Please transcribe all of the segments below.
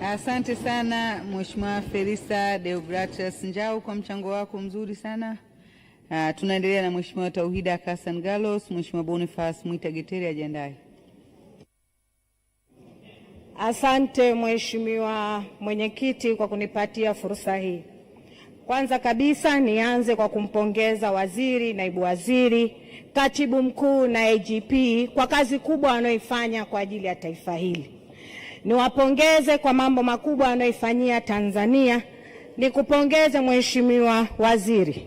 Asante sana Mheshimiwa Felista Deogratus Njau kwa mchango wako mzuri sana. Uh, tunaendelea na Mheshimiwa Tauhida Kasan Galos. Mheshimiwa Boniface Mwita Geteri ajiandae. Asante Mheshimiwa Mwenyekiti kwa kunipatia fursa hii. Kwanza kabisa nianze kwa kumpongeza waziri, naibu waziri, katibu mkuu na AGP kwa kazi kubwa wanayoifanya kwa ajili ya taifa hili. Niwapongeze kwa mambo makubwa anayoifanyia Tanzania. Nikupongeze Mheshimiwa Waziri,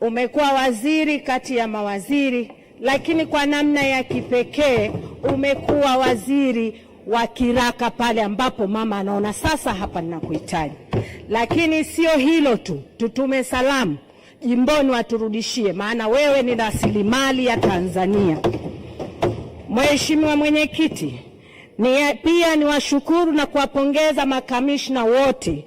umekuwa waziri kati ya mawaziri, lakini kwa namna ya kipekee umekuwa waziri wa kiraka pale ambapo mama anaona sasa hapa ninakuhitaji. Lakini sio hilo tu, tutume salamu jimboni waturudishie, maana wewe ni rasilimali ya Tanzania. Mheshimiwa Mwenyekiti, ni pia niwashukuru na kuwapongeza makamishna wote,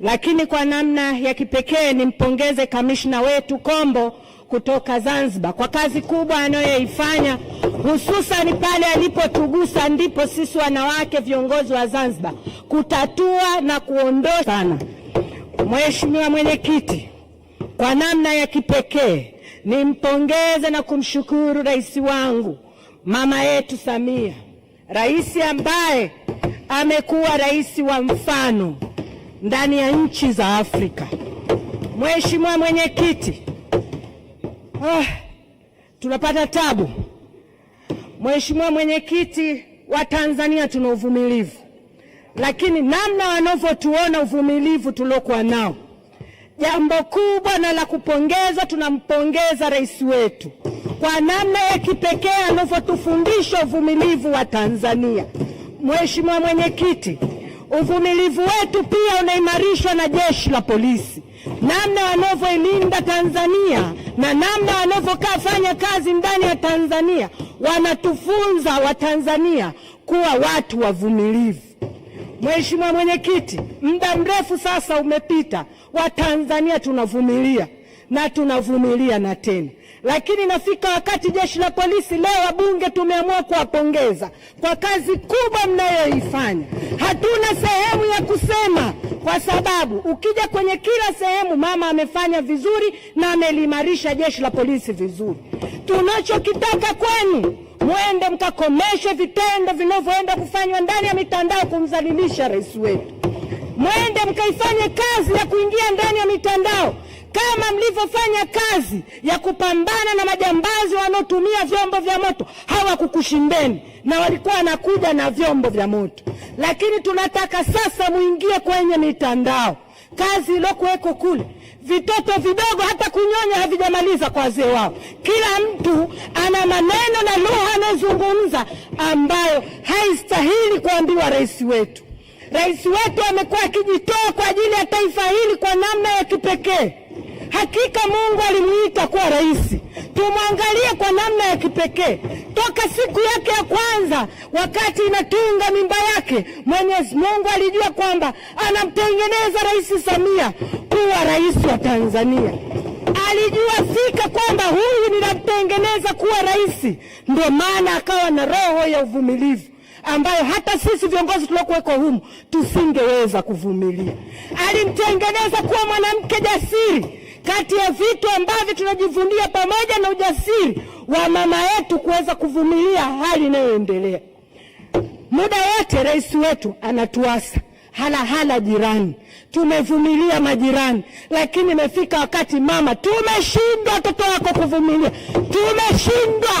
lakini kwa namna ya kipekee nimpongeze kamishna wetu Kombo kutoka Zanzibar kwa kazi kubwa anayoifanya, hususan pale alipotugusa, ndipo sisi wanawake viongozi wa Zanzibar kutatua na kuondoa sana. Mheshimiwa Mwenyekiti, kwa namna ya kipekee nimpongeze na kumshukuru rais wangu mama yetu Samia Rais ambaye amekuwa rais wa mfano ndani ya nchi za Afrika. Mheshimiwa mwenyekiti, ah, tunapata tabu. Mheshimiwa mwenyekiti, wa Tanzania tuna uvumilivu, lakini namna wanavyotuona uvumilivu tuliokuwa nao, jambo kubwa na la kupongeza, tunampongeza rais wetu kwa namna ya kipekee anavyotufundisha uvumilivu wa Tanzania. Mheshimiwa Mwenyekiti, uvumilivu wetu pia unaimarishwa na jeshi la polisi, namna wanavyoilinda Tanzania na namna wanavyokaa fanya kazi ndani ya Tanzania, wanatufunza Watanzania kuwa watu wavumilivu. Mheshimiwa Mwenyekiti, muda mrefu sasa umepita, Watanzania tunavumilia na tunavumilia na tena lakini nafika wakati jeshi la polisi leo, wabunge tumeamua kuwapongeza kwa kazi kubwa mnayoifanya. Hatuna sehemu ya kusema, kwa sababu ukija kwenye kila sehemu mama amefanya vizuri na ameliimarisha jeshi la polisi vizuri. Tunachokitaka kwenu mwende mkakomeshe vitendo vinavyoenda kufanywa ndani ya mitandao kumdhalilisha rais wetu. Mwende mkaifanye kazi ya kuingia ndani ya mitandao kama mlivyofanya kazi ya kupambana na majambazi wanaotumia vyombo vya moto, hawakukushindeni na walikuwa wanakuja na vyombo vya moto. Lakini tunataka sasa muingie kwenye mitandao, kazi iliyokuweko kule vitoto vidogo hata kunyonya havijamaliza kwa wazee wao. Kila mtu ana maneno na lugha anayozungumza ambayo haistahili kuambiwa rais wetu. Rais wetu amekuwa akijitoa kwa ajili ya taifa hili kwa namna ya kipekee. Hakika Mungu alimuita kuwa rais, tumwangalie kwa namna ya kipekee. Toka siku yake ya kwanza, wakati inatunga mimba yake, Mwenyezi Mungu alijua kwamba anamtengeneza Rais Samia kuwa rais wa Tanzania. Alijua fika kwamba huyu ninamtengeneza kuwa rais, ndio maana akawa na roho ya uvumilivu ambayo hata sisi viongozi tuliokuwekwa humu tusingeweza kuvumilia. Alimtengeneza kuwa mwanamke jasiri kati ya vitu ambavyo tunajivunia pamoja na ujasiri wa mama yetu kuweza kuvumilia hali inayoendelea. Muda wote rais wetu anatuasa halahala jirani, tumevumilia majirani, lakini imefika wakati mama, tumeshindwa. Watoto wako kuvumilia, tumeshindwa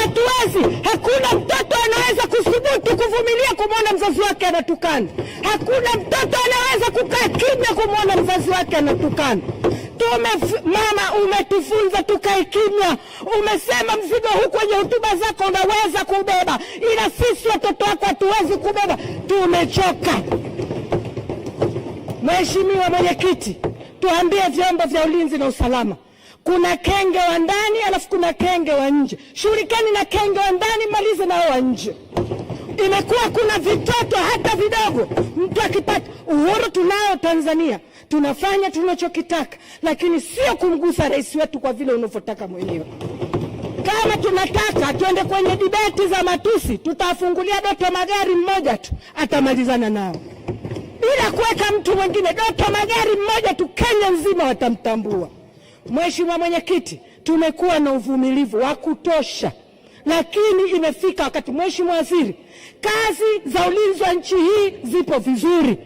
hatuwezi. Hakuna mtoto anaweza kuthubutu kuvumilia kumwona mzazi wake anatukana. Hakuna mtoto anaweza kukaa kimya kumwona mzazi wake anatukana. Tume mama, umetufunza tukae kimya. Umesema mzigo huu kwenye hotuba zako unaweza kubeba, ila sisi watoto wako hatuwezi kubeba. Tumechoka. Mheshimiwa Mwenyekiti, tuambie vyombo vya ulinzi na usalama kuna kenge wa ndani alafu kuna kenge wa nje. Shughulikani na kenge wa ndani, malize nao wa nje. Imekuwa kuna vitoto hata vidogo, mtu akipata uhuru. Tunayo Tanzania, tunafanya tunachokitaka, lakini sio kumgusa rais wetu kwa vile unavyotaka mwenyewe. Kama tunataka tuende kwenye dibeti za matusi, tutafungulia Doto Magari mmoja tu, atamalizana nao bila kuweka mtu mwingine. Doto Magari mmoja tu, Kenya nzima watamtambua. Mheshimiwa Mwenyekiti, tumekuwa na uvumilivu wa kutosha, lakini imefika wakati. Mheshimiwa Waziri, kazi za ulinzi wa nchi hii zipo vizuri,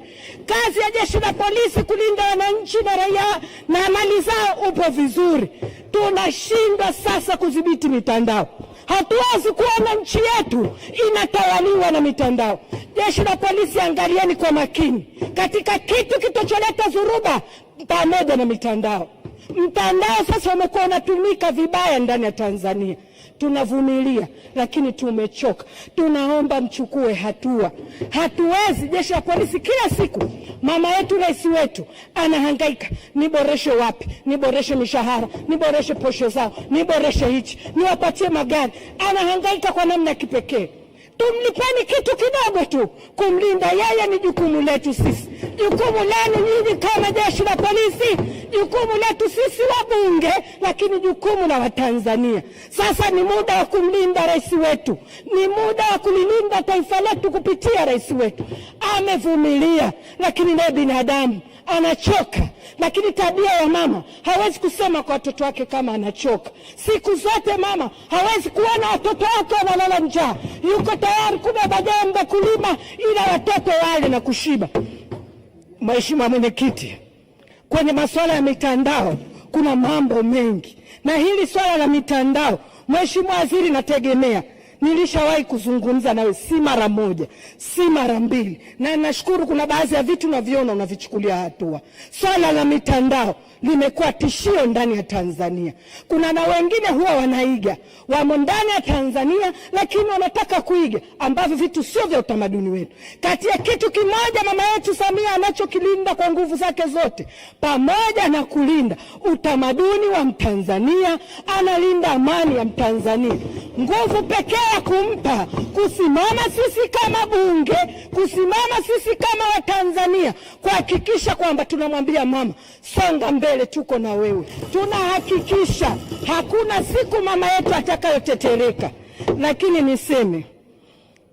kazi ya jeshi la polisi kulinda wananchi na raia na mali zao upo vizuri. Tunashindwa sasa kudhibiti mitandao. Hatuwezi kuona nchi yetu inatawaliwa na mitandao. Jeshi la polisi, angalieni kwa makini katika kitu kitocholeta dhuruba pamoja na mitandao. Mtandao sasa umekuwa unatumika vibaya ndani ya Tanzania. Tunavumilia lakini tumechoka, tunaomba mchukue hatua. Hatuwezi jeshi la polisi kila siku, mama yetu rais wetu anahangaika, niboreshe wapi, niboreshe mishahara, niboreshe posho zao, niboreshe hichi, niwapatie magari. Anahangaika kwa namna ya kipekee. Tumlipeni kitu kidogo tu. Kumlinda yeye ni jukumu letu sisi. Jukumu lenu nyinyi kama jeshi la polisi jukumu letu sisi wabunge, lakini jukumu la Watanzania. Sasa ni muda wa kumlinda rais wetu, ni muda wa kulilinda taifa letu kupitia rais wetu. Amevumilia, lakini naye binadamu anachoka, lakini tabia ya mama hawezi kusema kwa watoto wake kama anachoka. Siku zote mama hawezi kuona watoto wake wanalala njaa, yuko tayari kubeba jembe kulima, ila watoto wale na kushiba. Mheshimiwa Mwenyekiti, kwenye masuala ya mitandao kuna mambo mengi, na hili swala la mitandao, Mheshimiwa Waziri, nategemea Nilishawahi kuzungumza nawe, si mara moja, si mara mbili, na nashukuru kuna baadhi ya vitu unaviona unavichukulia hatua. Swala la mitandao limekuwa tishio ndani ya Tanzania. Kuna na wengine huwa wanaiga, wamo ndani ya Tanzania, lakini wanataka kuiga ambavyo vitu sio vya utamaduni wetu. Kati ya kitu kimoja mama yetu Samia anachokilinda kwa nguvu zake zote, pamoja na kulinda utamaduni wa Mtanzania, analinda amani ya Mtanzania nguvu pekee ya kumpa kusimama sisi kama bunge, kusimama sisi kama Watanzania kuhakikisha kwamba tunamwambia mama, songa mbele, tuko na wewe. Tunahakikisha hakuna siku mama yetu atakayotetereka. Lakini niseme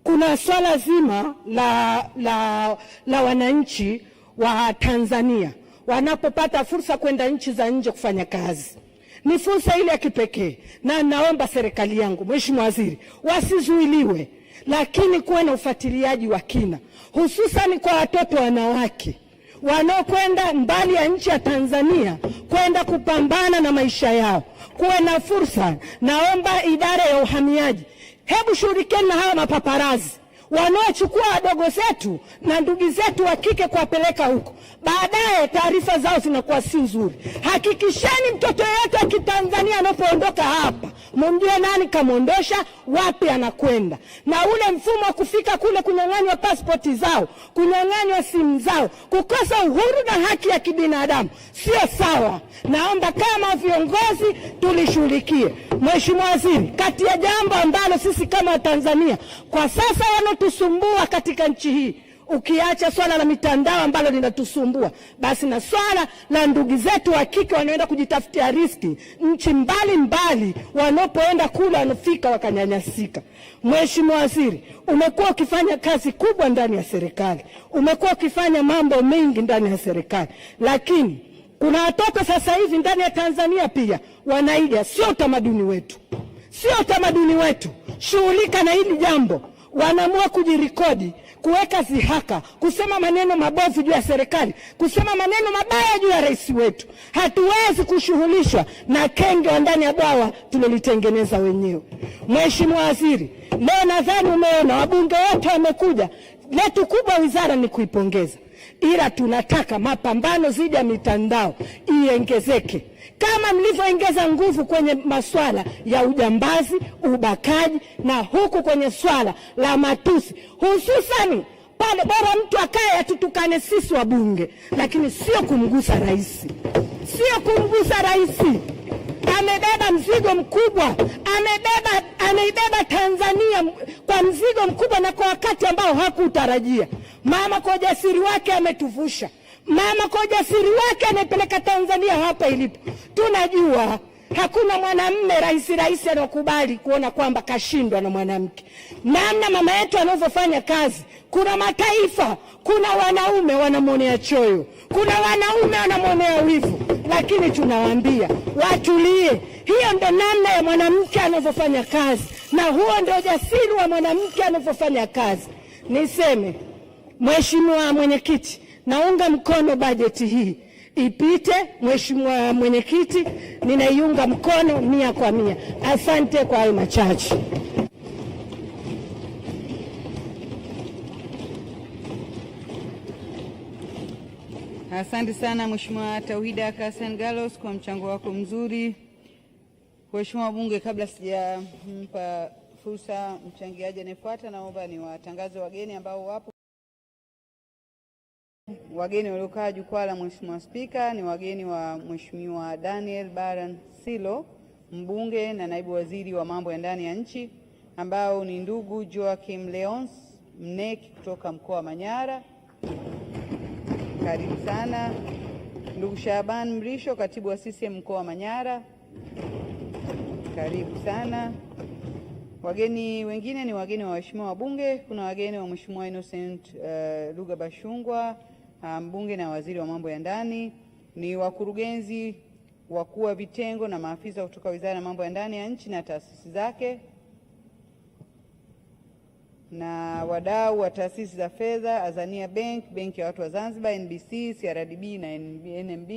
kuna swala zima la, la, la wananchi wa Tanzania wanapopata fursa kwenda nchi za nje kufanya kazi ni fursa ile ya kipekee, na naomba serikali yangu, Mheshimiwa Waziri, wasizuiliwe, lakini kuwe na ufuatiliaji wa kina, hususan kwa watoto wanawake wanaokwenda mbali ya nchi ya Tanzania kwenda kupambana na maisha yao, kuwe na fursa. Naomba idara ya uhamiaji, hebu shughulikieni na hawa mapaparazi wanaochukua wadogo zetu na ndugu zetu wa kike kuwapeleka huko, baadaye taarifa zao zinakuwa si nzuri. Hakikisheni mtoto yeyote wa Kitanzania anapoondoka hapa mumjue nani kamwondosha, wapi anakwenda, na ule mfumo wa kufika kule, kunyang'anywa pasipoti zao, kunyang'anywa simu zao, kukosa uhuru na haki ya kibinadamu sio sawa. Naomba kama viongozi tulishughulikie. Mheshimiwa Waziri, kati ya jambo ambalo sisi kama Watanzania kwa sasa wano linatusumbua katika nchi hii, ukiacha swala la mitandao ambalo linatusumbua, basi na swala la ndugu zetu wa kike wanaoenda kujitafutia riski nchi mbalimbali, wanapoenda kule wanafika wakanyanyasika. Mheshimiwa Waziri, umekuwa ukifanya kazi kubwa ndani ya serikali, umekuwa ukifanya mambo mengi ndani ya serikali, lakini kuna watoto sasa hivi ndani ya Tanzania pia wanaiga. Sio utamaduni wetu, sio utamaduni wetu. Shughulika na hili jambo wanaamua kujirikodi kuweka zihaka kusema maneno mabovu juu ya serikali, kusema maneno mabaya juu ya rais wetu. Hatuwezi kushughulishwa na kenge wa ndani ya bwawa tulilitengeneza wenyewe. Mheshimiwa Waziri, leo nadhani umeona wabunge wote wamekuja. Letu kubwa wizara ni kuipongeza, ila tunataka mapambano dhidi ya mitandao iengezeke kama mlivyoongeza nguvu kwenye masuala ya ujambazi, ubakaji na huku kwenye swala la matusi, hususani pale, bora mtu akaye atutukane sisi wabunge, lakini sio kumgusa rais, sio kumgusa rais. Amebeba mzigo mkubwa, amebeba ameibeba Tanzania kwa mzigo mkubwa na kwa wakati ambao hakutarajia. Mama kwa ujasiri wake ametuvusha, mama kwa ujasiri wake amepeleka Tanzania hapa ilipo. Tunajua hakuna mwanamme rahisi rahisi anaokubali kuona kwamba kashindwa na mwanamke. Namna mama yetu anavyofanya kazi, kuna mataifa, kuna wanaume wanamwonea choyo, kuna wanaume wanamwonea wivu, lakini tunawaambia watulie. Hiyo ndo namna ya mwanamke anavyofanya kazi, na huo ndio ujasiri wa mwanamke anavyofanya kazi. Niseme Mheshimiwa Mwenyekiti, naunga mkono bajeti hii ipite. Mheshimiwa Mwenyekiti, ninaiunga mkono mia kwa mia. Asante kwa hayo machache. Asante sana Mheshimiwa Tauhida kasen Galos kwa mchango wako mzuri. Mheshimiwa wabunge, kabla sijampa fursa mchangiaji anayefuata, naomba niwatangaze wageni ambao wapo. Wageni waliokaa jukwaa la Mheshimiwa Spika ni wageni wa Mheshimiwa Daniel Baran Silo, mbunge na naibu waziri wa mambo ya ndani ya nchi, ambao ni ndugu Joachim Leons Mneki kutoka mkoa wa Manyara, karibu sana. Ndugu Shaban Mrisho, katibu wa CCM mkoa wa Manyara, karibu sana. Wageni wengine ni wageni wa waheshimiwa wabunge. Kuna wageni wa Mheshimiwa Innocent uh, eh, Luga Bashungwa mbunge um, na waziri wa mambo ya ndani, ni wakurugenzi wakuu wa vitengo na maafisa kutoka Wizara ya Mambo ya Ndani ya Nchi na taasisi zake na wadau wa taasisi za fedha, Azania Bank, Benki ya Watu wa Zanzibar, NBC, CRDB na NMB,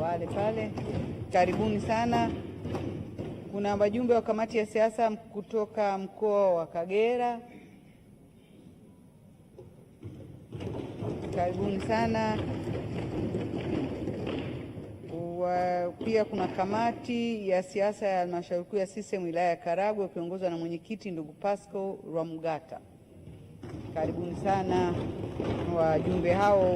wale pale karibuni sana. Kuna wajumbe wa kamati ya siasa kutoka mkoa wa Kagera. karibuni sana. Pia kuna kamati ya siasa ya halmashauri kuu ya CCM wilaya ya Karagwe ukiongozwa na mwenyekiti ndugu Pasco Rwamgata. Karibuni sana wajumbe hao.